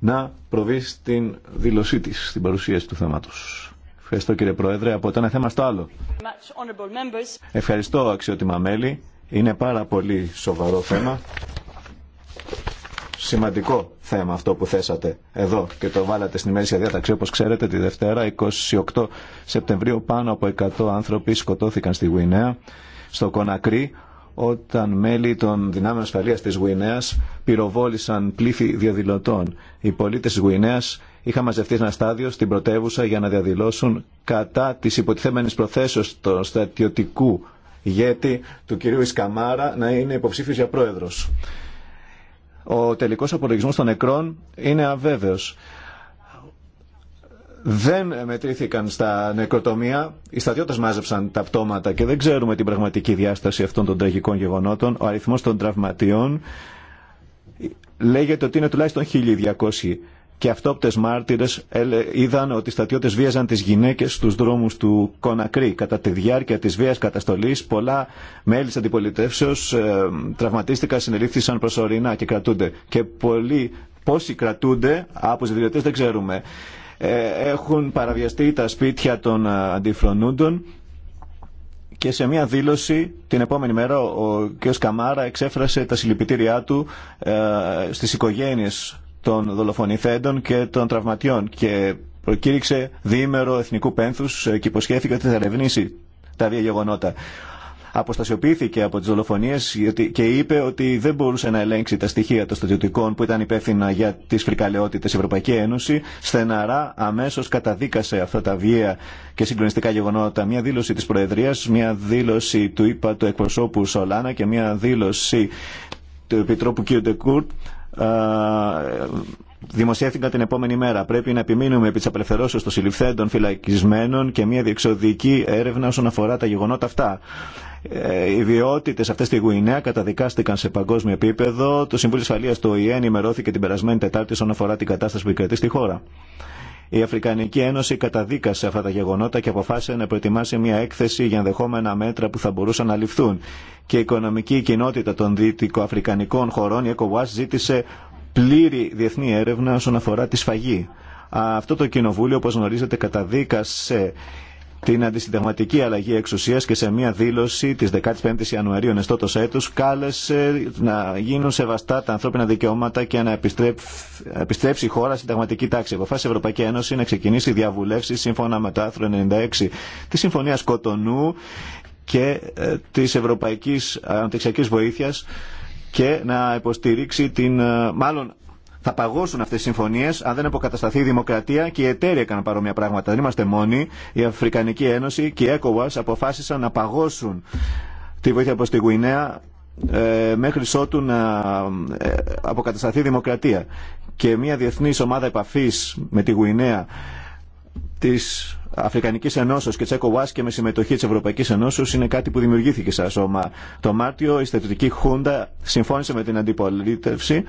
να προβεί στην δήλωσή της, στην παρουσίαση του θέματος. Ευχαριστώ κύριε Πρόεδρε. Από το ένα θέμα στο άλλο. Ευχαριστώ αξιότιμα μέλη. Είναι πάρα πολύ σοβαρό θέμα. Σημαντικό θέμα αυτό που θέσατε εδώ και το βάλατε στην ημέρησια διάταξη. Όπως ξέρετε τη Δευτέρα 28 Σεπτεμβρίου πάνω από 100 άνθρωποι σκοτώθηκαν στη Γουινέα, στο Κονακρί όταν μέλη των δυνάμεων ασφαλεία της Γουινέας πυροβόλησαν πλήθη διαδηλωτών. Οι πολίτες της Γουινέας είχαν μαζευτεί σε ένα στάδιο στην πρωτεύουσα για να διαδηλώσουν κατά της υποτιθέμενης προθέσεως του στρατιωτικού ηγέτη του κυρίου Ισκαμάρα να είναι υποψήφιο για πρόεδρος. Ο τελικό απολογισμός των νεκρών είναι αβέβαιο δεν μετρήθηκαν στα νεκροτομία. Οι στρατιώτε μάζεψαν τα πτώματα και δεν ξέρουμε την πραγματική διάσταση αυτών των τραγικών γεγονότων. Ο αριθμό των τραυματιών λέγεται ότι είναι τουλάχιστον 1.200. Και αυτόπτες μάρτυρες είδαν ότι οι στατιώτες βίαζαν τις γυναίκες στους δρόμους του Κονακρή. Κατά τη διάρκεια της βίας καταστολής πολλά μέλη της αντιπολιτεύσεως ε, τραυματίστηκαν, συνελήφθησαν προσωρινά και κρατούνται. Και πολλοί πόσοι κρατούνται από τους δεν ξέρουμε. Ε, έχουν παραβιαστεί τα σπίτια των αντιφρονούντων και σε μια δήλωση την επόμενη μέρα ο κ. Καμάρα εξέφρασε τα συλληπιτήριά του ε, στις οικογένειες των δολοφονηθέντων και των τραυματιών και προκήρυξε διήμερο εθνικού πένθους ε, και υποσχέθηκε ότι θα ερευνήσει τα δύο γεγονότα αποστασιοποιήθηκε από τι δολοφονίε και είπε ότι δεν μπορούσε να ελέγξει τα στοιχεία των στρατιωτικών που ήταν υπεύθυνα για τι φρικαλαιότητε Η Ευρωπαϊκή Ένωση στεναρά αμέσως καταδίκασε αυτά τα βία και συγκλονιστικά γεγονότα. Μια δήλωση τη Προεδρία, μια δήλωση του ΙΠΑ του εκπροσώπου Σολάνα και μια δήλωση του Επιτρόπου κ. Ντεκούρτ δημοσιεύτηκαν την επόμενη μέρα. Πρέπει να επιμείνουμε επί τη απελευθερώσεω των συλληφθέντων φυλακισμένων και μια διεξοδική έρευνα όσον αφορά τα γεγονότα αυτά. Ε, οι ιδιότητε αυτέ στη Γουινέα καταδικάστηκαν σε παγκόσμιο επίπεδο. Το Συμβούλιο Ασφαλεία του ΟΗΕ ενημερώθηκε την περασμένη Τετάρτη όσον αφορά την κατάσταση που υπηρετεί στη χώρα. Η Αφρικανική Ένωση καταδίκασε αυτά τα γεγονότα και αποφάσισε να προετοιμάσει μια έκθεση για ενδεχόμενα μέτρα που θα μπορούσαν να ληφθούν. Και η οικονομική κοινότητα των δυτικοαφρικανικών χωρών, η ECOWAS, ζήτησε πλήρη διεθνή έρευνα όσον αφορά τη σφαγή. Αυτό το κοινοβούλιο, όπως γνωρίζετε, καταδίκασε την αντισυνταγματική αλλαγή εξουσίας και σε μια δήλωση της 15 η Ιανουαρίου ενεστώτος έτους κάλεσε να γίνουν σεβαστά τα ανθρώπινα δικαιώματα και να επιστρέψει η χώρα συνταγματική τάξη. Αποφάσισε η Ευρωπαϊκή Ένωση να ξεκινήσει διαβουλεύσει σύμφωνα με το άρθρο 96 της Συμφωνίας Κοτονού και ε, της Ευρωπαϊκής Αναπτυξιακής Βοήθειας και να υποστηρίξει την, ε, μάλλον θα παγώσουν αυτέ τι συμφωνίε αν δεν αποκατασταθεί η δημοκρατία και οι εταίροι έκαναν παρόμοια πράγματα. Δεν είμαστε μόνοι. Η Αφρικανική Ένωση και η ECOWAS αποφάσισαν να παγώσουν τη βοήθεια προ τη Γουινέα ε, μέχρι ότου να ε, αποκατασταθεί η δημοκρατία. Και μια διεθνή ομάδα επαφή με τη Γουινέα τη Αφρικανική Ενώσεω και τη ECOWAS και με συμμετοχή τη Ευρωπαϊκή Ενώσεω είναι κάτι που δημιουργήθηκε σαν σώμα. Το Μάρτιο η στρατιωτική Χούντα συμφώνησε με την αντιπολίτευση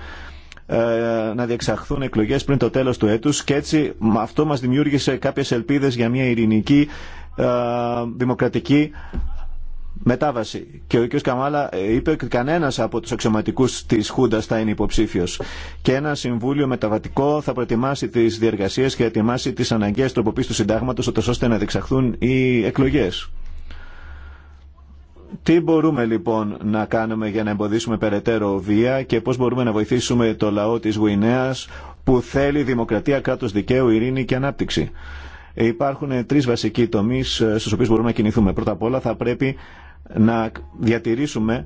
ε, να διεξαχθούν εκλογές πριν το τέλος του έτους και έτσι αυτό μας δημιούργησε κάποιες ελπίδες για μια ειρηνική ε, δημοκρατική μετάβαση. Και ο κ. Καμάλα ε, είπε ότι κανένα από του αξιωματικού τη Χούντα θα είναι υποψήφιο. Και ένα συμβούλιο μεταβατικό θα προετοιμάσει τι διεργασίε και ετοιμάσει τι αναγκαίε τροποποίηση του συντάγματο, ώστε να διεξαχθούν οι εκλογέ. Τι μπορούμε λοιπόν να κάνουμε για να εμποδίσουμε περαιτέρω βία και πώς μπορούμε να βοηθήσουμε το λαό της Γουινέας που θέλει δημοκρατία, κράτος δικαίου, ειρήνη και ανάπτυξη. Υπάρχουν τρεις βασικοί τομείς ε, στους οποίους μπορούμε να κινηθούμε. Πρώτα απ' όλα θα πρέπει να διατηρήσουμε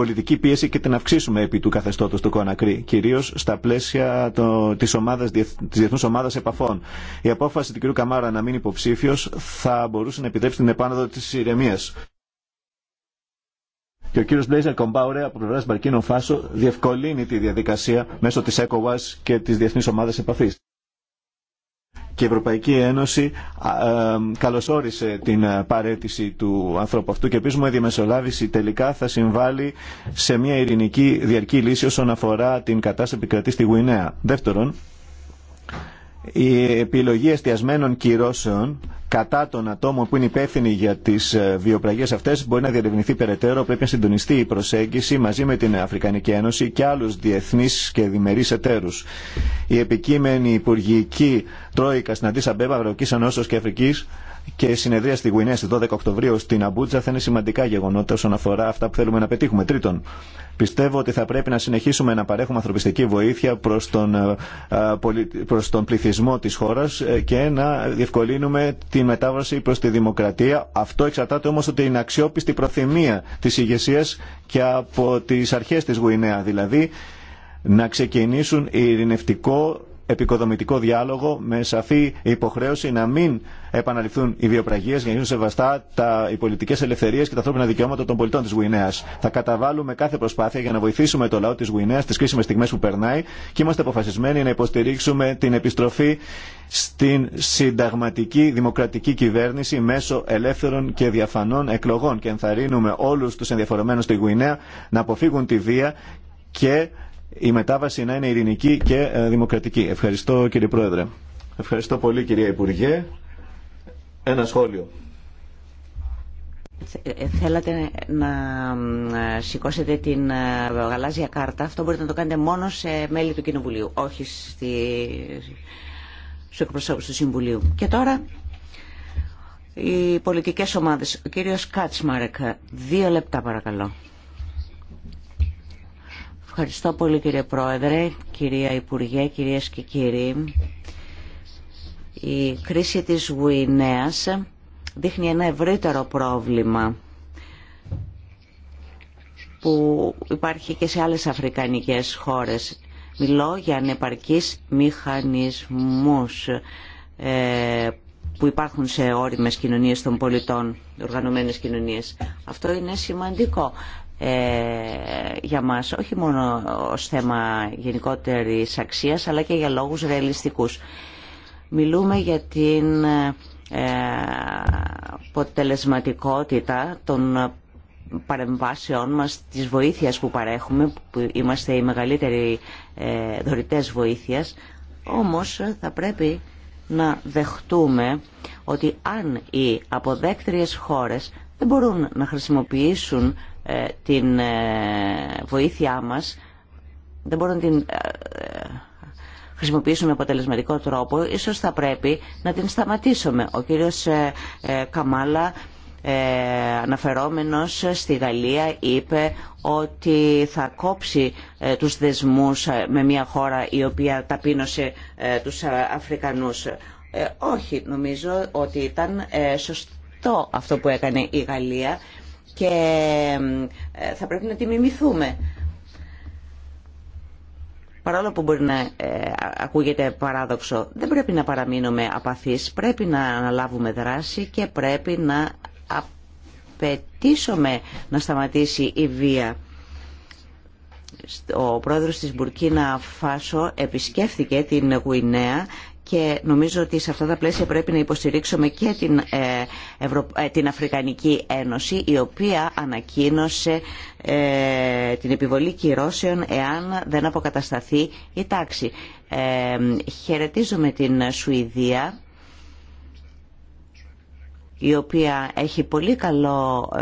πολιτική πίεση και την αυξήσουμε επί του καθεστώτος του Κονακρή, κυρίως στα πλαίσια τη της, ομάδας, Επαφών. Η απόφαση του κ. Καμάρα να μην υποψήφιο θα μπορούσε να επιτρέψει την επάνωδο τη ηρεμία. Και ο κ. Μπλέιζερ Κομπάουρε από πλευρά Μπαρκίνο Φάσο διευκολύνει τη διαδικασία μέσω τη ECOWAS και τη διεθνή Ομάδα επαφή και η Ευρωπαϊκή Ένωση ε, καλωσόρισε την παρέτηση του ανθρώπου αυτού και ελπίζουμε η διαμεσολάβηση τελικά θα συμβάλλει σε μια ειρηνική διαρκή λύση όσον αφορά την κατάσταση που επικρατή στη Γουινέα. Δεύτερον, η επιλογή εστιασμένων κυρώσεων κατά των ατόμων που είναι υπεύθυνοι για τι ε, βιοπραγίε αυτέ μπορεί να διερευνηθεί περαιτέρω. Πρέπει να συντονιστεί η προσέγγιση μαζί με την Αφρικανική Ένωση και άλλου διεθνεί και διμερεί εταίρου. Η επικείμενη υπουργική τρόικα στην Αντίσα Μπέμπα, Αυροκή και Αφρική και η συνεδρία στη Γουινέα στις 12 Οκτωβρίου στην Αμπούτζα θα είναι σημαντικά γεγονότα όσον αφορά αυτά που θέλουμε να πετύχουμε. Τρίτον, πιστεύω ότι θα πρέπει να συνεχίσουμε να παρέχουμε ανθρωπιστική βοήθεια προς τον, ε, προς τον πληθυσμό της χώρας ε, και να διευκολύνουμε τη μετάβαση προς τη δημοκρατία. Αυτό εξαρτάται όμως ότι είναι αξιόπιστη προθυμία της ηγεσία και από τις αρχές της Γουινέα, δηλαδή να ξεκινήσουν ειρηνευτικό επικοδομητικό διάλογο με σαφή υποχρέωση να μην επαναληφθούν οι βιοπραγίες για να γίνουν σεβαστά τα, οι πολιτικές ελευθερίες και τα ανθρώπινα δικαιώματα των πολιτών της Γουινέας. Θα καταβάλουμε κάθε προσπάθεια για να βοηθήσουμε το λαό της Γουινέας στις κρίσιμες στιγμές που περνάει και είμαστε αποφασισμένοι να υποστηρίξουμε την επιστροφή στην συνταγματική δημοκρατική κυβέρνηση μέσω ελεύθερων και διαφανών εκλογών και ενθαρρύνουμε όλους τους ενδιαφορεμένους στη Γουινέα να αποφύγουν τη βία και η μετάβαση να είναι ειρηνική και ε, δημοκρατική. Ευχαριστώ κύριε Πρόεδρε. Ευχαριστώ πολύ κυρία Υπουργέ. Ένα σχόλιο. Ε, θέλατε να ε, σηκώσετε την γαλάζια κάρτα. Αυτό μπορείτε να το κάνετε μόνο σε μέλη του Κοινοβουλίου, όχι στη... στους εκπροσώπους του Συμβουλίου. Και τώρα οι πολιτικές ομάδες. Ο κύριος Κάτσμαρεκ, δύο λεπτά παρακαλώ. Ευχαριστώ πολύ κύριε Πρόεδρε, κυρία Υπουργέ, κυρίες και κύριοι. Η κρίση της Γουινέας δείχνει ένα ευρύτερο πρόβλημα που υπάρχει και σε άλλες αφρικανικές χώρες. Μιλώ για ανεπαρκείς μηχανισμούς ε, που υπάρχουν σε όριμες κοινωνίες των πολιτών, οργανωμένες κοινωνίες. Αυτό είναι σημαντικό. Ε, για μας, όχι μόνο ως θέμα γενικότερης αξίας, αλλά και για λόγους ρεαλιστικούς. Μιλούμε για την ε, αποτελεσματικότητα των παρεμβάσεών μας, της βοήθειας που παρέχουμε, που είμαστε οι μεγαλύτεροι ε, δωρητές βοήθειας, όμως θα πρέπει να δεχτούμε ότι αν οι αποδέκτριες χώρες δεν μπορούν να χρησιμοποιήσουν ε, την ε, βοήθειά μας δεν μπορούν να την ε, χρησιμοποιήσουμε με αποτελεσματικό τρόπο, ίσως θα πρέπει να την σταματήσουμε. Ο κύριος Καμάλα αναφερόμενος στη Γαλλία είπε ότι θα κόψει τους δεσμούς με μια χώρα η οποία ταπείνωσε τους Αφρικανούς. Όχι, νομίζω ότι ήταν σωστό αυτό που έκανε η Γαλλία και ε, θα πρέπει να τη μιμηθούμε. Παρόλο που μπορεί να ε, ακούγεται παράδοξο, δεν πρέπει να παραμείνουμε απαθείς, πρέπει να αναλάβουμε δράση και πρέπει να απαιτήσουμε να σταματήσει η βία. Ο πρόεδρος της Μπουρκίνα Φάσο επισκέφθηκε την Γουινέα και νομίζω ότι σε αυτά τα πλαίσια πρέπει να υποστηρίξουμε και την, ε, ε, την Αφρικανική Ένωση η οποία ανακοίνωσε ε, την επιβολή κυρώσεων εάν δεν αποκατασταθεί η τάξη. Ε, χαιρετίζουμε την Σουηδία η οποία έχει πολύ, καλό,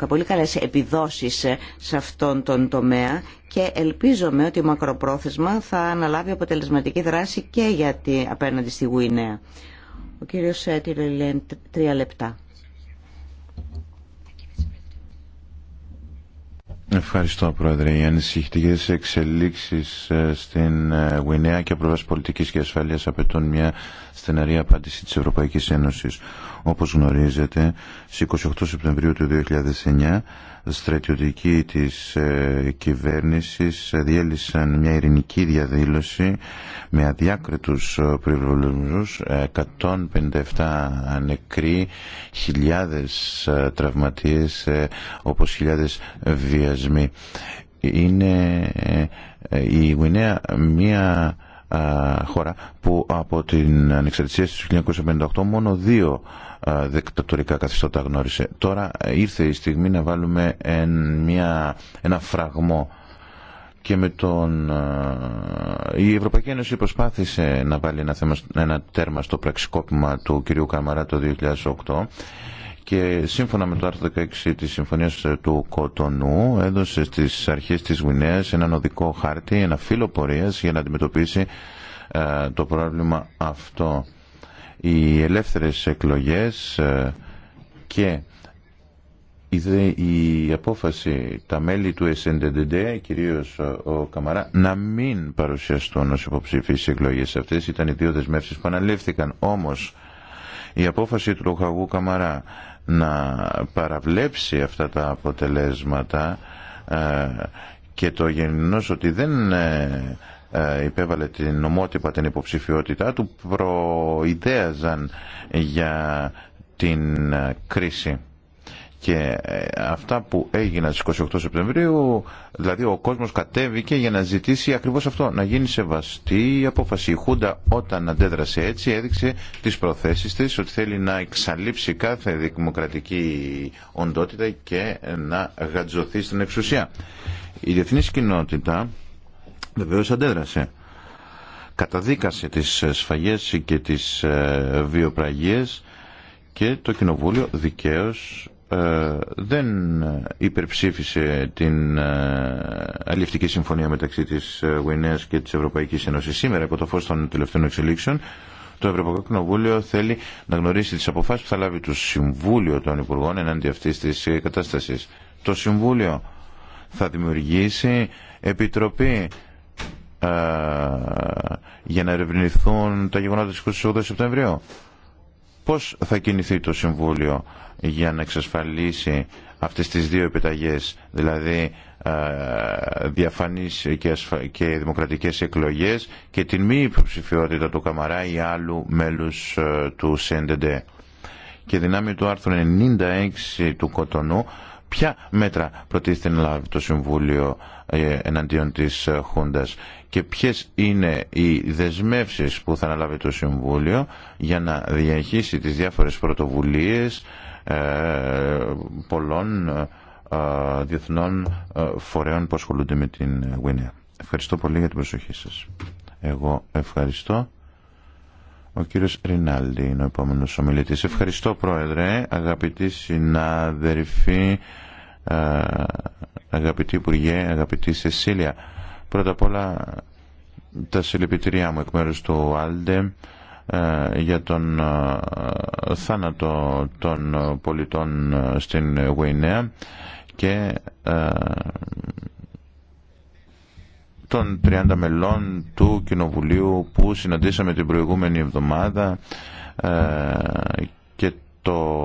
ε, πολύ καλές επιδόσεις ε, σε αυτόν τον τομέα και ελπίζομαι ότι μακροπρόθεσμα θα αναλάβει αποτελεσματική δράση και για απέναντι στη Γουινέα. Ο κύριος Σέτηρο ε, τρία λεπτά. Ευχαριστώ Πρόεδρε. Οι ανησυχητικές εξελίξεις στην Γουινέα και από πολιτικής και ασφαλείας απαιτούν μια στεναρή απάντηση της Ευρωπαϊκής Ένωσης. Όπως γνωρίζετε, στις 28 Σεπτεμβρίου του 2009, στρατιωτικοί της ε, κυβέρνησης ε, διέλυσαν μια ειρηνική διαδήλωση με αδιάκριτους ε, πυροβολισμούς, 157 νεκροί, χιλιάδες ε, τραυματίες, όπως χιλιάδες βιασμοί. Είναι η Γουινέα μια χώρα που από την ανεξαρτησία του 1958 μόνο δύο δικτατορικά καθεστώτα γνώρισε. Τώρα ε, ήρθε η στιγμή να βάλουμε μια, ένα φραγμό και με τον... Η Ευρωπαϊκή Ένωση προσπάθησε να βάλει ένα, ένα τέρμα στο πραξικόπημα του κυρίου Κάμαρα το 2008 και σύμφωνα με το άρθρο 16 της Συμφωνίας ε, του Κοτονού έδωσε στις αρχές της Γουινέας έναν οδικό χάρτη, ένα φύλλο πορείας για να αντιμετωπίσει ε, το πρόβλημα αυτό. Οι ελεύθερες εκλογές ε, και η απόφαση τα μέλη του SNDD, κυρίως ο Καμαρά, να μην παρουσιαστούν ως υποψηφίες εκλογές αυτές. Ήταν οι δύο δεσμεύσεις που αναλήφθηκαν. Όμως η απόφαση του Λοχαγού Καμαρά να παραβλέψει αυτά τα αποτελέσματα ε, και το γεγονός ότι δεν ε, ε, υπέβαλε την νομότυπα την υποψηφιότητά του προειδέαζαν για την κρίση. Και ε, αυτά που έγιναν στις 28 Σεπτεμβρίου, δηλαδή ο κόσμος κατέβηκε για να ζητήσει ακριβώς αυτό, να γίνει σεβαστή η απόφαση. Η Χούντα όταν αντέδρασε έτσι έδειξε τις προθέσεις της ότι θέλει να εξαλείψει κάθε δημοκρατική οντότητα και να γατζωθεί στην εξουσία. Η διεθνή κοινότητα βεβαίως αντέδρασε καταδίκασε τις σφαγές και τις ε, βιοπραγίες και το Κοινοβούλιο δικαίως ε, δεν υπερψήφισε την ε, αλληλευτική συμφωνία μεταξύ της ε, Γουινέας και της Ευρωπαϊκής Ένωσης. Σήμερα, από το φως των τελευταίων εξελίξεων, το Ευρωπαϊκό Κοινοβούλιο θέλει να γνωρίσει τις αποφάσεις που θα λάβει το Συμβούλιο των Υπουργών εναντί αυτής της κατάστασης. Το Συμβούλιο θα δημιουργήσει επιτροπή ε, για να ερευνηθούν τα γεγονότα της 28 Σεπτεμβρίου. Πώς θα κινηθεί το Συμβούλιο για να εξασφαλίσει αυτές τις δύο επιταγές, δηλαδή ε, διαφανείς και δημοκρατικές εκλογές και την μη υποψηφιότητα του Καμαρά ή άλλου μέλους ε, του ΣΕΝΤΕΝΤΕ. Και δυνάμει του άρθρου 96 του Κοτονού, ποια μέτρα προτίθεται να λάβει το Συμβούλιο ε, εναντίον της Χούντας και ποιες είναι οι δεσμεύσεις που θα αναλάβει το Συμβούλιο για να διαχείσει τις διάφορες πρωτοβουλίες ε, πολλών ε, διεθνών ε, φορέων που ασχολούνται με την Γουίνεα. Ευχαριστώ πολύ για την προσοχή σας. Εγώ ευχαριστώ. Ο κύριος Ρινάλντι είναι ο επόμενος ομιλητής. Ευχαριστώ πρόεδρε, αγαπητοί συναδελφοί, αγαπητοί υπουργέ, αγαπητή Σεσίλια. Πρώτα απ' όλα τα συλληπιτήριά μου εκ μέρους του Άλντε ε, για τον ε, θάνατο των πολιτών ε, στην Γουινέα και των 30 μελών του Κοινοβουλίου που συναντήσαμε την προηγούμενη εβδομάδα και το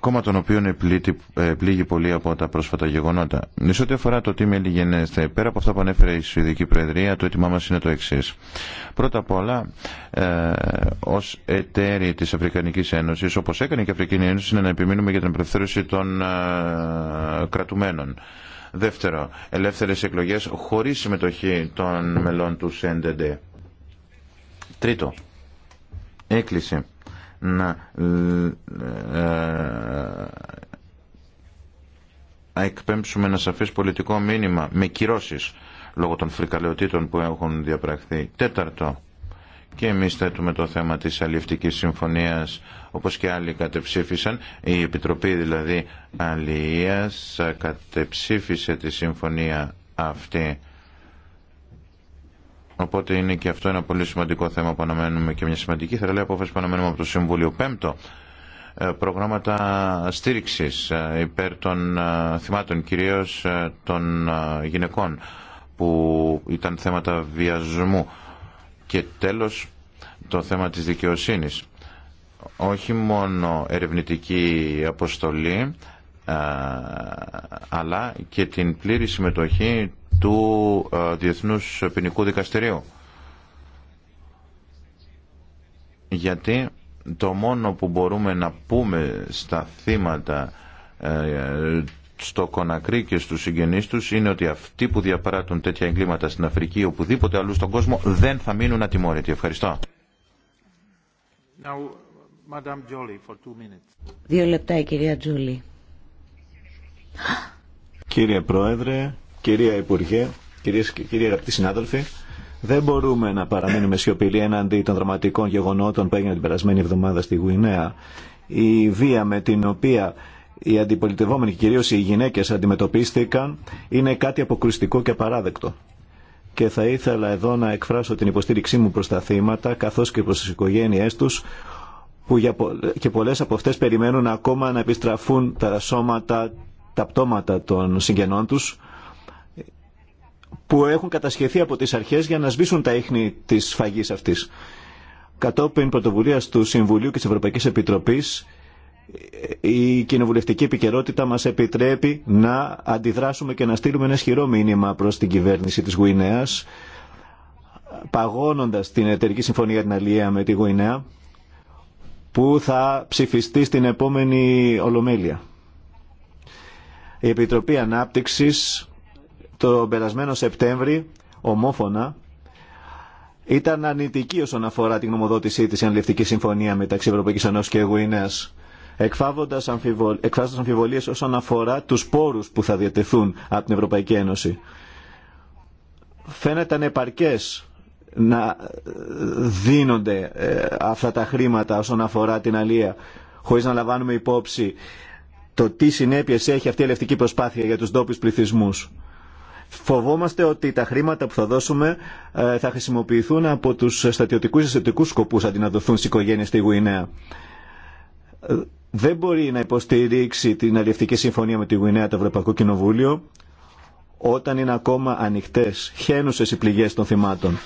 κόμμα των οποίων πλήγει πολύ από τα πρόσφατα γεγονότα. Σε ό,τι αφορά το τι με λιγενέστε, πέρα από αυτά που ανέφερε η Σουηδική Προεδρία, το έτοιμά μα είναι το εξή. Πρώτα απ' όλα, ε, ω εταίροι τη Αφρικανική Ένωση, όπω έκανε και η Αφρικανική Ένωση, είναι να επιμείνουμε για την απελευθέρωση των ε, κρατουμένων. Δεύτερο, ελεύθερες εκλογές χωρίς συμμετοχή των μελών του ΣΕΝΤΕΝΤΕ. Τρίτο, έκκληση να ε, ε, ε, εκπέμψουμε ένα σαφές πολιτικό μήνυμα με κυρώσεις λόγω των φρικαλαιοτήτων που έχουν διαπραχθεί. Τέταρτο, και εμείς θέτουμε το θέμα της αλληλευτικής συμφωνίας όπως και άλλοι κατεψήφισαν. Η Επιτροπή δηλαδή Αλληλείας κατεψήφισε τη συμφωνία αυτή Οπότε είναι και αυτό ένα πολύ σημαντικό θέμα που αναμένουμε και μια σημαντική θεραλή απόφαση που αναμένουμε από το Συμβούλιο. Πέμπτο, ε, προγράμματα στήριξης ε, υπέρ των ε, θυμάτων, κυρίως των γυναικών που ήταν θέματα βιασμού. Και τέλος, το θέμα της δικαιοσύνης. Όχι μόνο ερευνητική αποστολή, αλλά και την πλήρη συμμετοχή του ε, Διεθνούς Ποινικού Δικαστηρίου. Γιατί το μόνο που μπορούμε να πούμε στα θύματα ε, στο Κονακρί και στους συγγενείς τους είναι ότι αυτοί που διαπράττουν τέτοια εγκλήματα στην Αφρική ή οπουδήποτε αλλού στον κόσμο δεν θα μείνουν ατιμόρυτοι. Ευχαριστώ. Now, Jolie, for two Δύο λεπτά η κυρία Τζούλη. Κύριε Πρόεδρε, Κυρία Υπουργέ, κυρίες και κύριοι αγαπητοί συνάδελφοι, δεν μπορούμε να παραμείνουμε σιωπηλοί έναντι των δραματικών γεγονότων που έγιναν την περασμένη εβδομάδα στη Γουινέα. Η βία με την οποία οι αντιπολιτευόμενοι και κυρίως οι γυναίκες αντιμετωπίστηκαν είναι κάτι αποκριστικό και παράδεκτο. Και θα ήθελα εδώ να εκφράσω την υποστήριξή μου προς τα θύματα καθώς και προς τις οικογένειές τους που για και πολλές από αυτές περιμένουν ακόμα να επιστραφούν τα σώματα, τα πτώματα των συγγενών τους που έχουν κατασχεθεί από τις αρχές για να σβήσουν τα ίχνη της σφαγής αυτής. Κατόπιν πρωτοβουλία του Συμβουλίου και της Ευρωπαϊκής Επιτροπής, η κοινοβουλευτική επικαιρότητα μας επιτρέπει να αντιδράσουμε και να στείλουμε ένα ισχυρό μήνυμα προς την κυβέρνηση της Γουινέας, παγώνοντας την εταιρική συμφωνία για την Αλία με τη Γουινέα, που θα ψηφιστεί στην επόμενη Ολομέλεια. Η Επιτροπή Ανάπτυξης το περασμένο Σεπτέμβρη ομόφωνα ήταν αρνητική όσον αφορά την γνωμοδότησή της Ενλευτική Συμφωνία μεταξύ Ευρωπαϊκή Ένωση και Γουίνεα, εκφράζοντα αμφιβολίε όσον αφορά του πόρου που θα διατεθούν από την Ευρωπαϊκή Ένωση. Φαίνεται ανεπαρκές να δίνονται ε, αυτά τα χρήματα όσον αφορά την αλία χωρίς να λαμβάνουμε υπόψη το τι συνέπειες έχει αυτή η ελευτική προσπάθεια για τους ντόπιου πληθυσμού. Φοβόμαστε ότι τα χρήματα που θα δώσουμε ε, θα χρησιμοποιηθούν από τους στατιωτικούς αισθητικούς σκοπούς αντί να δοθούν στις οικογένειες στη Γουινέα. Ε, δεν μπορεί να υποστηρίξει την αλληλευτική συμφωνία με τη Γουινέα το Ευρωπαϊκό Κοινοβούλιο όταν είναι ακόμα ανοιχτέ, χαίνουσες οι πληγέ των θυμάτων.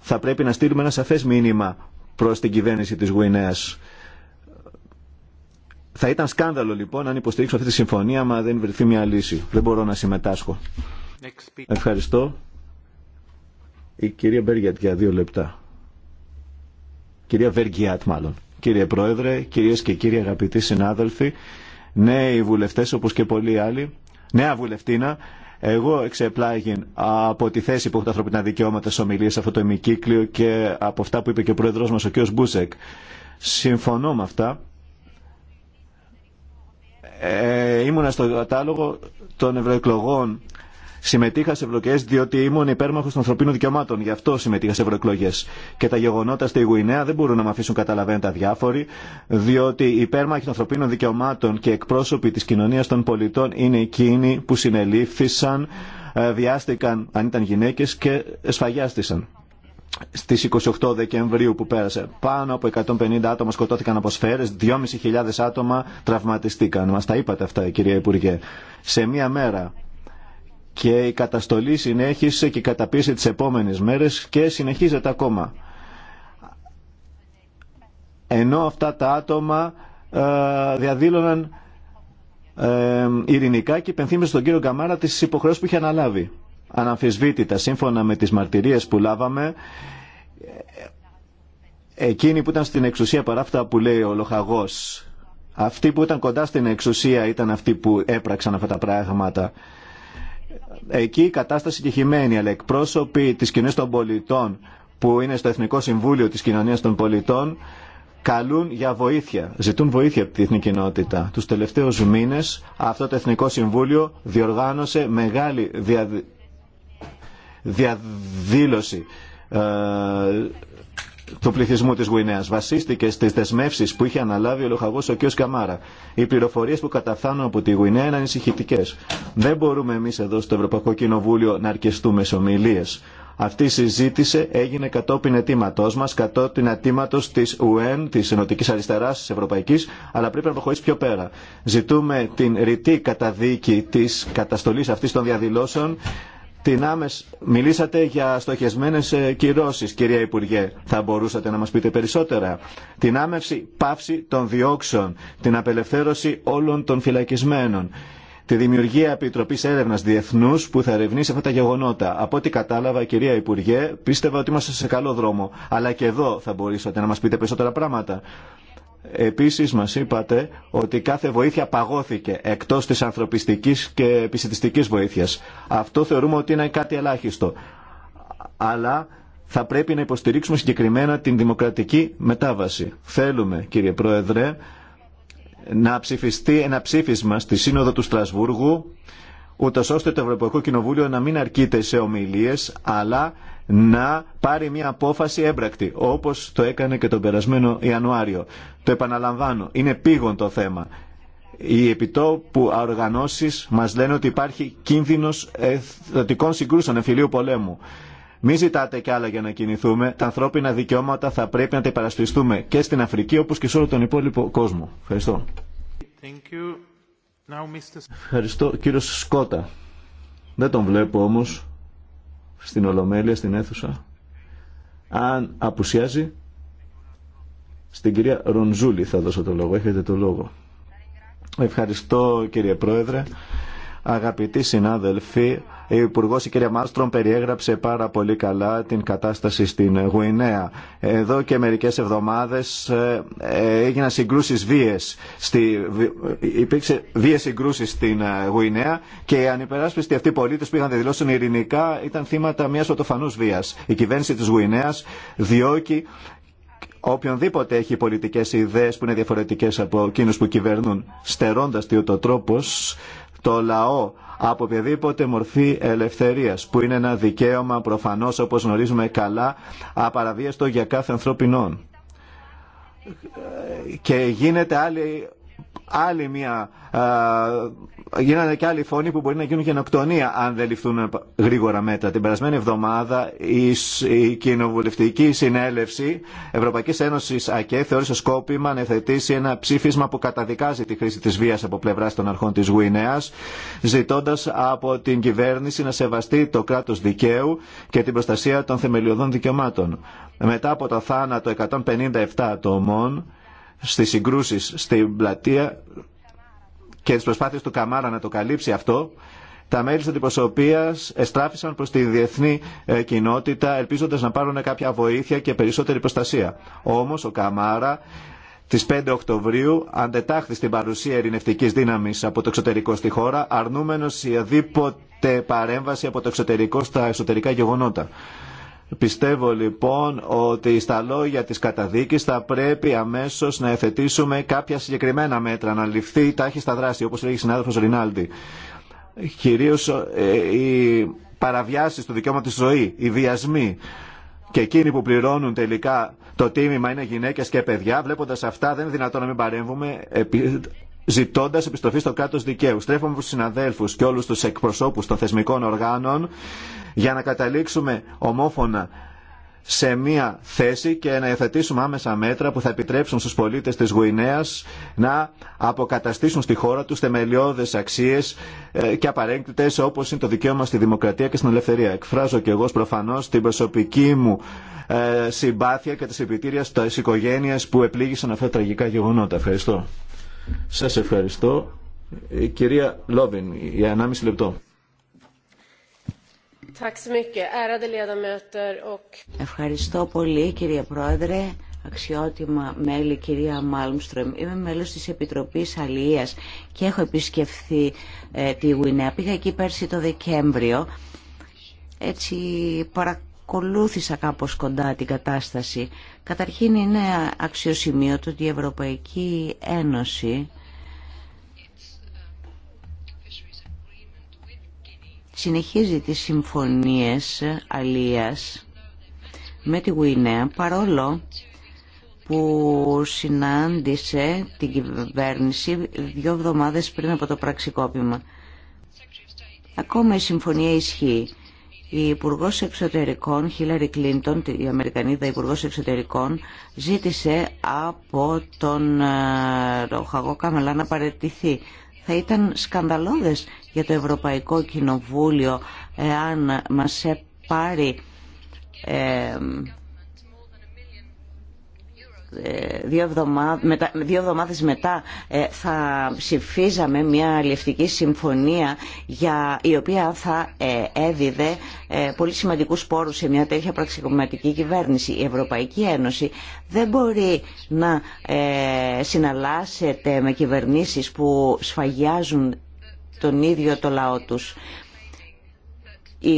Θα πρέπει να στείλουμε ένα σαφές μήνυμα προς την κυβέρνηση της Γουινέας θα ήταν σκάνδαλο λοιπόν αν υποστηρίξω αυτή τη συμφωνία, μα δεν βρεθεί μια λύση. Δεν μπορώ να συμμετάσχω. Ευχαριστώ. Η κυρία Μπέργιατ για δύο λεπτά. Κυρία Βεργιάτ μάλλον. Κύριε Πρόεδρε, κυρίες και κύριοι αγαπητοί συνάδελφοι, νέοι βουλευτές όπως και πολλοί άλλοι, νέα βουλευτήνα, εγώ εξεπλάγει από τη θέση που έχουν τα ανθρωπινά δικαιώματα σε ομιλίες σε αυτό το ημικύκλιο και από αυτά που είπε και ο πρόεδρό μα ο κ. Μπούσεκ. Συμφωνώ με αυτά ε, ήμουνα στο κατάλογο των ευρωεκλογών. Συμμετείχα σε ευρωεκλογέ διότι ήμουν υπέρμαχο των ανθρωπίνων δικαιωμάτων. Γι' αυτό συμμετείχα σε ευρωεκλογέ. Και τα γεγονότα στη Γουινέα δεν μπορούν να με αφήσουν τα διάφοροι, διότι οι υπέρμαχοι των ανθρωπίνων δικαιωμάτων και εκπρόσωποι τη κοινωνία των πολιτών είναι εκείνοι που συνελήφθησαν, ε, βιάστηκαν αν ήταν γυναίκε και σφαγιάστησαν στις 28 Δεκεμβρίου που πέρασε. Πάνω από 150 άτομα σκοτώθηκαν από σφαίρες, 2.500 άτομα τραυματιστήκαν. Μας τα είπατε αυτά κυρία Υπουργέ. Σε μία μέρα και η καταστολή συνέχισε και η καταπίεση τις επόμενες μέρες και συνεχίζεται ακόμα. Ενώ αυτά τα άτομα ε, διαδήλωναν ε, ειρηνικά και υπενθύμησαν τον κύριο Καμάρα τις υποχρεώσεις που είχε αναλάβει αναμφισβήτητα σύμφωνα με τις μαρτυρίες που λάβαμε εκείνοι που ήταν στην εξουσία παρά αυτά που λέει ο Λοχαγός αυτοί που ήταν κοντά στην εξουσία ήταν αυτοί που έπραξαν αυτά τα πράγματα εκεί η κατάσταση κεχημένη αλλά εκπρόσωποι της κοινή των πολιτών που είναι στο Εθνικό Συμβούλιο της Κοινωνίας των Πολιτών καλούν για βοήθεια, ζητούν βοήθεια από την εθνική κοινότητα. Τους τελευταίους μήνες αυτό το Εθνικό Συμβούλιο διοργάνωσε μεγάλη διαδήλωση ε, του πληθυσμού της Γουινέας. Βασίστηκε στις δεσμεύσεις που είχε αναλάβει ο λοχαγός ο κ. Καμάρα. Οι πληροφορίες που καταφθάνουν από τη Γουινέα είναι ανησυχητικέ. Δεν μπορούμε εμείς εδώ στο Ευρωπαϊκό Κοινοβούλιο να αρκεστούμε σε ομιλίες. Αυτή η συζήτηση έγινε κατόπιν αιτήματό μα, κατόπιν αιτήματο τη ΟΕΝ, τη Ενωτική Αριστερά, τη Ευρωπαϊκή, αλλά πρέπει να προχωρήσει πιο πέρα. Ζητούμε την ρητή καταδίκη τη καταστολή αυτή των διαδηλώσεων την άμεση. Μιλήσατε για στοχεσμένε κυρώσει, κυρία Υπουργέ. Θα μπορούσατε να μα πείτε περισσότερα. Την άμεση πάυση των διώξεων, την απελευθέρωση όλων των φυλακισμένων, τη δημιουργία επιτροπή έρευνα διεθνού που θα ερευνήσει αυτά τα γεγονότα. Από ό,τι κατάλαβα, κυρία Υπουργέ, πίστευα ότι είμαστε σε καλό δρόμο. Αλλά και εδώ θα μπορούσατε να μα πείτε περισσότερα πράγματα. Επίσης μας είπατε ότι κάθε βοήθεια παγώθηκε εκτός της ανθρωπιστικής και επιστημιστικής βοήθειας. Αυτό θεωρούμε ότι είναι κάτι ελάχιστο. Αλλά θα πρέπει να υποστηρίξουμε συγκεκριμένα την δημοκρατική μετάβαση. Θέλουμε, κύριε Πρόεδρε, να ψηφιστεί ένα ψήφισμα στη Σύνοδο του Στρασβούργου ούτω ώστε το Ευρωπαϊκό Κοινοβούλιο να μην αρκείται σε ομιλίε, αλλά να πάρει μια απόφαση έμπρακτη, όπω το έκανε και τον περασμένο Ιανουάριο. Το επαναλαμβάνω, είναι πήγον το θέμα. Οι επιτόπου οργανώσει μα λένε ότι υπάρχει κίνδυνο εθνοτικών συγκρούσεων, εμφυλίου πολέμου. Μην ζητάτε κι άλλα για να κινηθούμε. Τα ανθρώπινα δικαιώματα θα πρέπει να τα υπερασπιστούμε και στην Αφρική όπω και σε όλο τον υπόλοιπο κόσμο. Ευχαριστώ. Ευχαριστώ. Κύριος Σκότα. Δεν τον βλέπω όμως στην Ολομέλεια, στην αίθουσα. Αν απουσιάζει, στην κυρία Ρονζούλη θα δώσω το λόγο. Έχετε το λόγο. Ευχαριστώ κύριε Πρόεδρε. Αγαπητοί συνάδελφοι, η Υπουργό, η κυρία Μάστρομ, περιέγραψε πάρα πολύ καλά την κατάσταση στην Γουινέα. Εδώ και μερικέ εβδομάδε ε, έγιναν συγκρούσει βίε. Στη... Υπήρξε βίε συγκρούσει στην ε, Γουινέα και οι ανυπεράσπιστοι αυτοί πολίτε που είχαν δηλώσει ειρηνικά ήταν θύματα μια οτοφανού βία. Η κυβέρνηση τη Γουινέα διώκει οποιονδήποτε έχει πολιτικές ιδέες που είναι διαφορετικές από εκείνους που κυβερνούν, στερώντας ότι ο τρόπος το λαό από οποιαδήποτε μορφή ελευθερίας που είναι ένα δικαίωμα προφανώς όπως γνωρίζουμε καλά απαραβίαστο για κάθε ανθρώπινόν και γίνεται άλλη άλλη μια, γίνανε και άλλοι φόνοι που μπορεί να γίνουν γενοκτονία αν δεν ληφθούν γρήγορα μέτρα. Την περασμένη εβδομάδα η, Κοινοβουλευτική Συνέλευση Ευρωπαϊκή Ένωση ΑΚΕ θεώρησε σκόπιμα να θετήσει ένα ψήφισμα που καταδικάζει τη χρήση τη βία από πλευρά των αρχών τη Γουινέας ζητώντα από την κυβέρνηση να σεβαστεί το κράτο δικαίου και την προστασία των θεμελιωδών δικαιωμάτων. Μετά από το θάνατο 157 ατόμων στις συγκρούσεις στην πλατεία και τις προσπάθειες του Καμάρα να το καλύψει αυτό, τα μέλη της αντιπροσωπείας εστράφησαν προς τη διεθνή ε, κοινότητα ελπίζοντας να πάρουν κάποια βοήθεια και περισσότερη προστασία. Όμως ο Καμάρα της 5 Οκτωβρίου αντετάχθη στην παρουσία ειρηνευτικής δύναμης από το εξωτερικό στη χώρα αρνούμενος η παρέμβαση από το εξωτερικό στα εσωτερικά γεγονότα. Πιστεύω λοιπόν ότι στα λόγια της καταδίκης θα πρέπει αμέσως να εθετήσουμε κάποια συγκεκριμένα μέτρα, να ληφθεί τάχιστα δράση, όπως λέγει ο συνάδελφος Ρινάλντι. Κυρίως ε, οι παραβιάσεις του δικαιώματος της ζωής, οι βιασμοί και εκείνοι που πληρώνουν τελικά το τίμημα είναι γυναίκες και παιδιά. Βλέποντας αυτά δεν είναι δυνατόν να μην παρέμβουμε ζητώντα επιστροφή στο κράτο δικαίου. Στρέφομαι προ του συναδέλφου και όλου του εκπροσώπου των θεσμικών οργάνων για να καταλήξουμε ομόφωνα σε μία θέση και να υιοθετήσουμε άμεσα μέτρα που θα επιτρέψουν στους πολίτες της Γουινέας να αποκαταστήσουν στη χώρα τους θεμελιώδες αξίες ε, και απαραίτητες όπως είναι το δικαίωμα στη δημοκρατία και στην ελευθερία. Εκφράζω και εγώ προφανώς την προσωπική μου ε, συμπάθεια και τις επιτήρια στις οικογένειες που επλήγησαν αυτά τα τραγικά γεγονότα. Ευχαριστώ. Σας ευχαριστώ. Η κυρία Λόβιν, για 1,5 λεπτό. Ευχαριστώ πολύ κύριε Πρόεδρε, αξιότιμα μέλη κυρία Μάλμστρομ. Είμαι μέλος της Επιτροπής Αλίας και έχω επισκεφθεί ε, τη Γουινέα. Πήγα εκεί πέρσι το Δεκέμβριο. Έτσι παρακολούθησα κάπως κοντά την κατάσταση. Καταρχήν είναι αξιοσημείωτο ότι η Ευρωπαϊκή Ένωση συνεχίζει τις συμφωνίες αλίας με τη Γουινέα παρόλο που συνάντησε την κυβέρνηση δύο εβδομάδες πριν από το πραξικόπημα. Ακόμα η συμφωνία ισχύει η Υπουργό Εξωτερικών, Χίλαρη Κλίντον, η Αμερικανίδα Υπουργό Εξωτερικών, ζήτησε από τον Ροχαγό ε, Καμελά να παραιτηθεί. Θα ήταν σκανδαλώδες για το Ευρωπαϊκό Κοινοβούλιο εάν μας πάρει ε, δύο, μετά, εβδομάδες μετά ε, θα ψηφίζαμε μια αλληλευτική συμφωνία για, η οποία θα ε, έδιδε ε, πολύ σημαντικούς πόρους σε μια τέτοια πραξικοπηματική κυβέρνηση. Η Ευρωπαϊκή Ένωση δεν μπορεί να συναλλάσσεται με κυβερνήσεις που σφαγιάζουν τον ίδιο το λαό τους. Ε,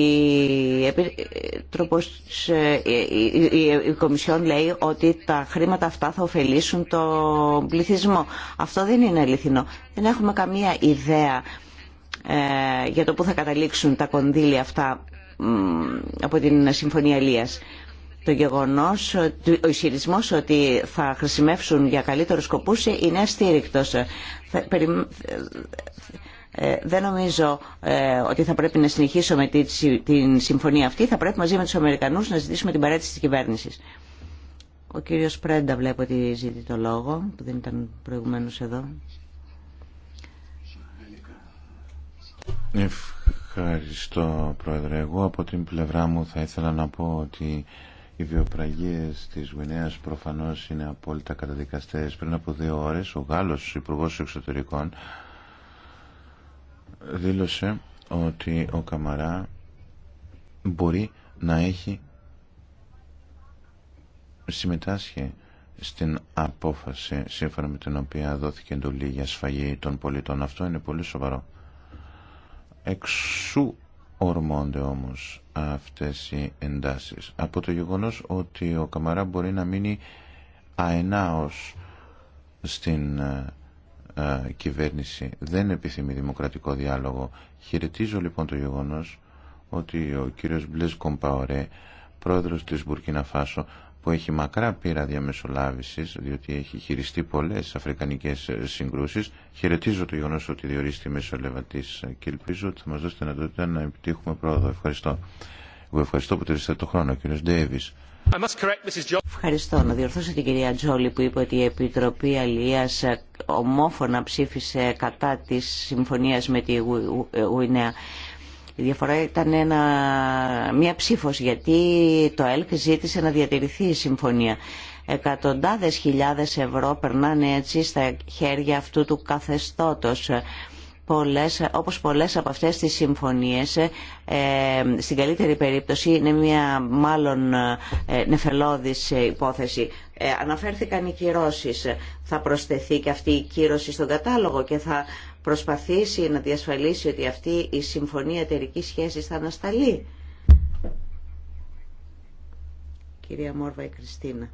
η, η Κομισιόν λέει ότι τα χρήματα αυτά θα ωφελήσουν τον πληθυσμό. Αυτό δεν είναι αληθινό. Δεν έχουμε καμία ιδέα ε, για το πού θα καταλήξουν τα κονδύλια αυτά από την Συμφωνία Λίας. Το γεγονός, ο ισχυρισμός ότι θα χρησιμεύσουν για καλύτερους σκοπούς είναι αστήρικτος. Ε, δεν νομίζω ε, ότι θα πρέπει να συνεχίσουμε την συμφωνία αυτή. Θα πρέπει μαζί με τους Αμερικανούς να ζητήσουμε την παρέτηση της κυβέρνησης. Ο κύριος Πρέντα βλέπω ότι ζητεί το λόγο, που δεν ήταν προηγουμένω εδώ. Ευχαριστώ, Πρόεδρε. Εγώ από την πλευρά μου θα ήθελα να πω ότι οι βιοπραγίες της Γουινέας προφανώς είναι απόλυτα καταδικαστές. Πριν από δύο ώρες ο Γάλλος Υπουργός Εξωτερικών δήλωσε ότι ο Καμαρά μπορεί να έχει συμμετάσχει στην απόφαση σύμφωνα με την οποία δόθηκε εντολή για σφαγή των πολιτών. Αυτό είναι πολύ σοβαρό. Εξού ορμώνται όμως αυτές οι εντάσεις. Από το γεγονός ότι ο Καμαρά μπορεί να μείνει αενάως στην ε, κυβέρνηση δεν επιθυμεί δημοκρατικό διάλογο. Χαιρετίζω λοιπόν το γεγονός ότι ο κύριος Μπλες Κομπαορέ, πρόεδρος της Μπουρκίνα Φάσο, που έχει μακρά πείρα διαμεσολάβησης, διότι έχει χειριστεί πολλές αφρικανικές συγκρούσεις, χαιρετίζω το γεγονός ότι διορίστη μεσολεβατής και ελπίζω ότι θα μας δώσει δυνατότητα να επιτύχουμε πρόοδο. Ευχαριστώ. Εγώ ευχαριστώ που τηρήσατε το χρόνο, κύριος Ντέιβις. Ευχαριστώ. Να διορθώσω την κυρία Τζόλη που είπε ότι η Επιτροπή Αλίας ε, ομόφωνα ψήφισε κατά της συμφωνίας με τη ε, Γουινέα. Η διαφορά ήταν ένα, μια ψήφος γιατί το ΕΛΚ ζήτησε να διατηρηθεί η συμφωνία. Εκατοντάδες χιλιάδες ευρώ περνάνε έτσι στα χέρια αυτού του καθεστώτος πολλές, όπως πολλές από αυτές τις συμφωνίες ε, στην καλύτερη περίπτωση είναι μια μάλλον ε, νεφελώδης υπόθεση. Ε, αναφέρθηκαν οι κυρώσεις. Θα προσθεθεί και αυτή η κύρωση στον κατάλογο και θα προσπαθήσει να διασφαλίσει ότι αυτή η συμφωνία εταιρική σχέσης θα ανασταλεί. Κυρία Μόρβα η Κριστίνα.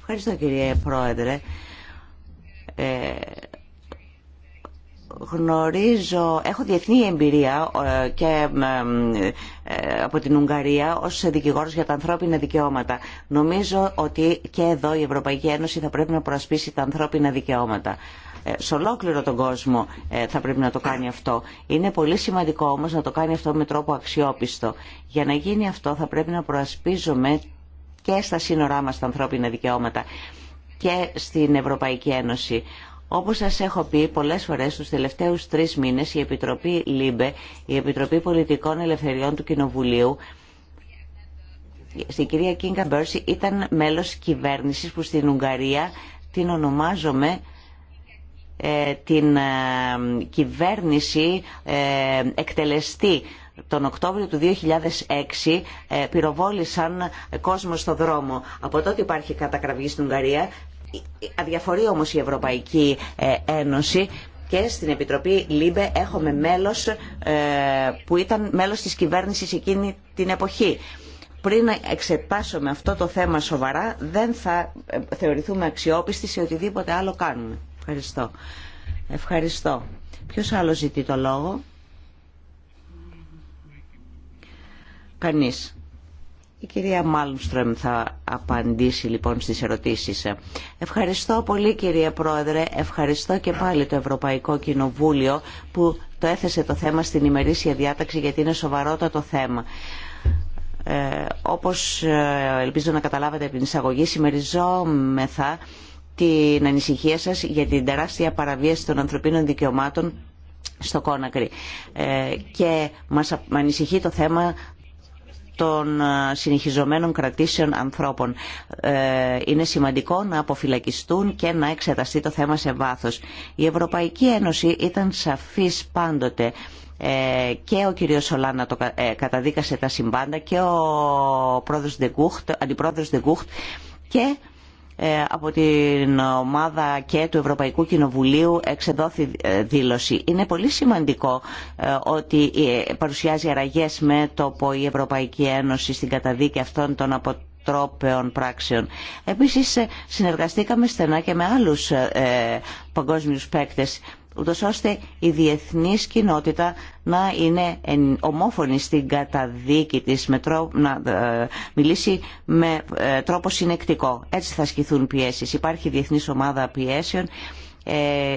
Ευχαριστώ κύριε Πρόεδρε. Ε, γνωρίζω, έχω διεθνή εμπειρία ε, και ε, από την Ουγγαρία ως δικηγόρος για τα ανθρώπινα δικαιώματα. Νομίζω ότι και εδώ η Ευρωπαϊκή Ένωση θα πρέπει να προασπίσει τα ανθρώπινα δικαιώματα. Ε, σε ολόκληρο τον κόσμο θα πρέπει να το κάνει αυτό. Είναι πολύ σημαντικό όμως να το κάνει αυτό με τρόπο αξιόπιστο. Για να γίνει αυτό θα πρέπει να προασπίζουμε και στα σύνορά μας τα ανθρώπινα δικαιώματα και στην Ευρωπαϊκή Ένωση. Όπως σας έχω πει πολλές φορές τους τελευταίους τρεις μήνες η Επιτροπή ΛΥΜΠΕ, η Επιτροπή Πολιτικών Ελευθεριών του Κοινοβουλίου, στην κυρία Κίνκα Μπέρση ήταν μέλος κυβέρνησης που στην Ουγγαρία την ονομάζομαι ε, την ε, κυβέρνηση ε, εκτελεστή. Τον Οκτώβριο του 2006 ε, πυροβόλησαν κόσμο στο δρόμο. Από τότε υπάρχει κατακραυγή στην Ουγγαρία. Αδιαφορεί όμως η Ευρωπαϊκή ε, Ένωση και στην Επιτροπή ΛΥΜΠΕ έχουμε μέλος ε, που ήταν μέλος της κυβέρνησης εκείνη την εποχή. Πριν εξετάσουμε αυτό το θέμα σοβαρά δεν θα ε, θεωρηθούμε αξιόπιστοι σε οτιδήποτε άλλο κάνουμε. Ευχαριστώ. Ευχαριστώ. Ποιος άλλος ζητεί το λόγο. Κανείς. Η κυρία Μάλμστρεμ θα απαντήσει λοιπόν στις ερωτήσεις. Ευχαριστώ πολύ κυρία Πρόεδρε, ευχαριστώ και πάλι το Ευρωπαϊκό Κοινοβούλιο που το έθεσε το θέμα στην ημερήσια διάταξη γιατί είναι σοβαρότατο θέμα. Ε, όπως ε, ελπίζω να καταλάβατε από την εισαγωγή, συμμεριζόμεθα την ανησυχία σας για την τεράστια παραβίαση των ανθρωπίνων δικαιωμάτων στο Κόνακρη. Ε, και μας ανησυχεί το θέμα των ε, συνεχιζομένων κρατήσεων ανθρώπων. Ε, είναι σημαντικό να αποφυλακιστούν και να εξεταστεί το θέμα σε βάθος. Η Ευρωπαϊκή Ένωση ήταν σαφής πάντοτε ε, και ο κύριος Σολάνα το καταδίκασε τα συμβάντα και ο πρόεδρος αντιπρόεδρος και ε, από την ομάδα και του Ευρωπαϊκού Κοινοβουλίου εξεδόθη ε, δήλωση. Είναι πολύ σημαντικό ε, ότι παρουσιάζει αραγές με το μέτωπο η Ευρωπαϊκή Ένωση στην καταδίκη αυτών των αποτρόπαιων πράξεων. Επίσης συνεργαστήκαμε στενά και με άλλους ε, παγκόσμιους παίκτες ούτως ώστε η διεθνής κοινότητα να είναι ομόφωνη στην καταδίκη της, με να ε, μιλήσει με ε, τρόπο συνεκτικό. Έτσι θα ασκηθούν πιέσεις. Υπάρχει διεθνής ομάδα πιέσεων. Ε,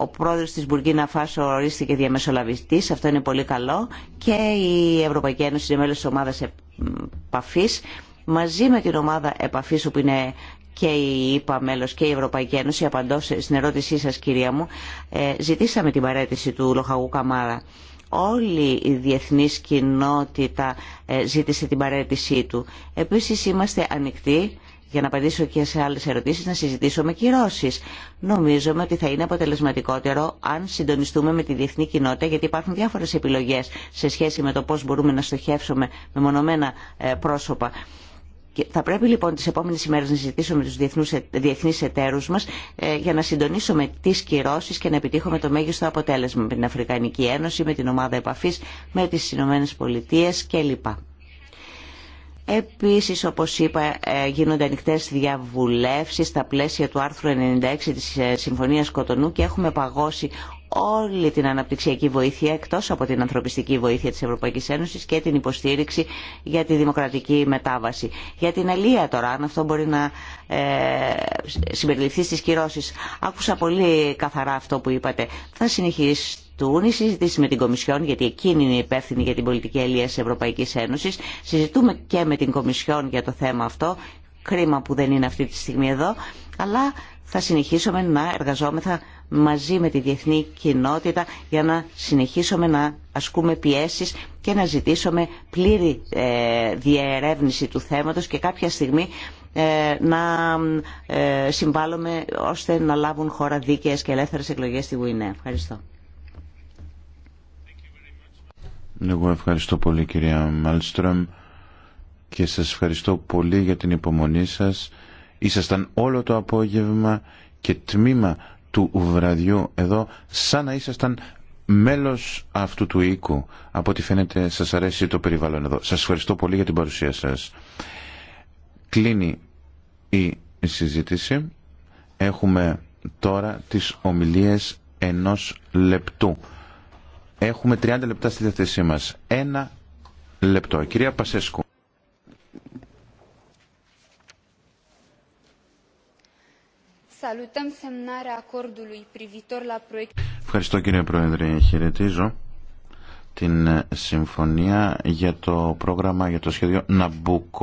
ο πρόεδρος της Μπουργκίνα Φάσο ορίστηκε διαμεσολαβητής, αυτό είναι πολύ καλό, και η Ευρωπαϊκή Ένωση είναι μέλος της ομάδας επαφής μαζί με την ομάδα επαφής που είναι και η ΕΠΑ ΕΕ και η Ευρωπαϊκή Ένωση, απαντώ στην ερώτησή σας κυρία μου, ε, ζητήσαμε την παρέτηση του Λοχαγού Καμάρα. Όλη η διεθνής κοινότητα ε, ζήτησε την παρέτησή του. Επίσης είμαστε ανοιχτοί για να απαντήσω και σε άλλες ερωτήσεις, να συζητήσουμε κυρώσεις. Νομίζουμε ότι θα είναι αποτελεσματικότερο αν συντονιστούμε με τη διεθνή κοινότητα, γιατί υπάρχουν διάφορες επιλογές σε σχέση με το πώς μπορούμε να στοχεύσουμε με μονομένα ε, πρόσωπα. Θα πρέπει λοιπόν τις επόμενες ημέρες να συζητήσουμε με τους διεθνεί διεθνείς εταίρους μας ε, για να συντονίσουμε τις κυρώσεις και να επιτύχουμε το μέγιστο αποτέλεσμα με την Αφρικανική Ένωση, με την ομάδα επαφής, με τις Ηνωμένε Πολιτείε κλπ. Επίσης, όπως είπα, ε, γίνονται ανοιχτέ διαβουλεύσεις στα πλαίσια του άρθρου 96 της ε, Συμφωνίας Κοτονού και έχουμε παγώσει όλη την αναπτυξιακή βοήθεια εκτός από την ανθρωπιστική βοήθεια της Ευρωπαϊκής Ένωσης και την υποστήριξη για τη δημοκρατική μετάβαση. Για την αλία τώρα, αν αυτό μπορεί να ε, συμπεριληφθεί στις κυρώσεις. Άκουσα πολύ καθαρά αυτό που είπατε. Θα συνεχιστούν οι συζητήσεις με την Κομισιόν, γιατί εκείνη είναι υπεύθυνη για την πολιτική αλία της Ευρωπαϊκής Ένωσης. Συζητούμε και με την Κομισιόν για το θέμα αυτό. Κρίμα που δεν είναι αυτή τη στιγμή εδώ. Αλλά θα συνεχίσουμε να εργαζόμεθα μαζί με τη διεθνή κοινότητα για να συνεχίσουμε να ασκούμε πιέσεις και να ζητήσουμε πλήρη ε, διερεύνηση του θέματος και κάποια στιγμή ε, να ε, συμβάλλουμε ώστε να λάβουν χώρα δίκαιες και ελεύθερες εκλογές στη Γουινέα. Ευχαριστώ. Εγώ ευχαριστώ πολύ κυρία Μάλστρομ και σας ευχαριστώ πολύ για την υπομονή σας. Ήσασταν όλο το απόγευμα και τμήμα του βραδιού εδώ σαν να ήσασταν μέλος αυτού του οίκου. Από ό,τι φαίνεται σας αρέσει το περιβάλλον εδώ. Σας ευχαριστώ πολύ για την παρουσία σας. Κλείνει η συζήτηση. Έχουμε τώρα τις ομιλίες ενός λεπτού. Έχουμε 30 λεπτά στη διαθέσή μας. Ένα λεπτό. Κυρία Πασέσκου. Ευχαριστώ κύριε Πρόεδρε. Χαιρετίζω την ε, συμφωνία για το πρόγραμμα για το σχέδιο Ναμπούκο.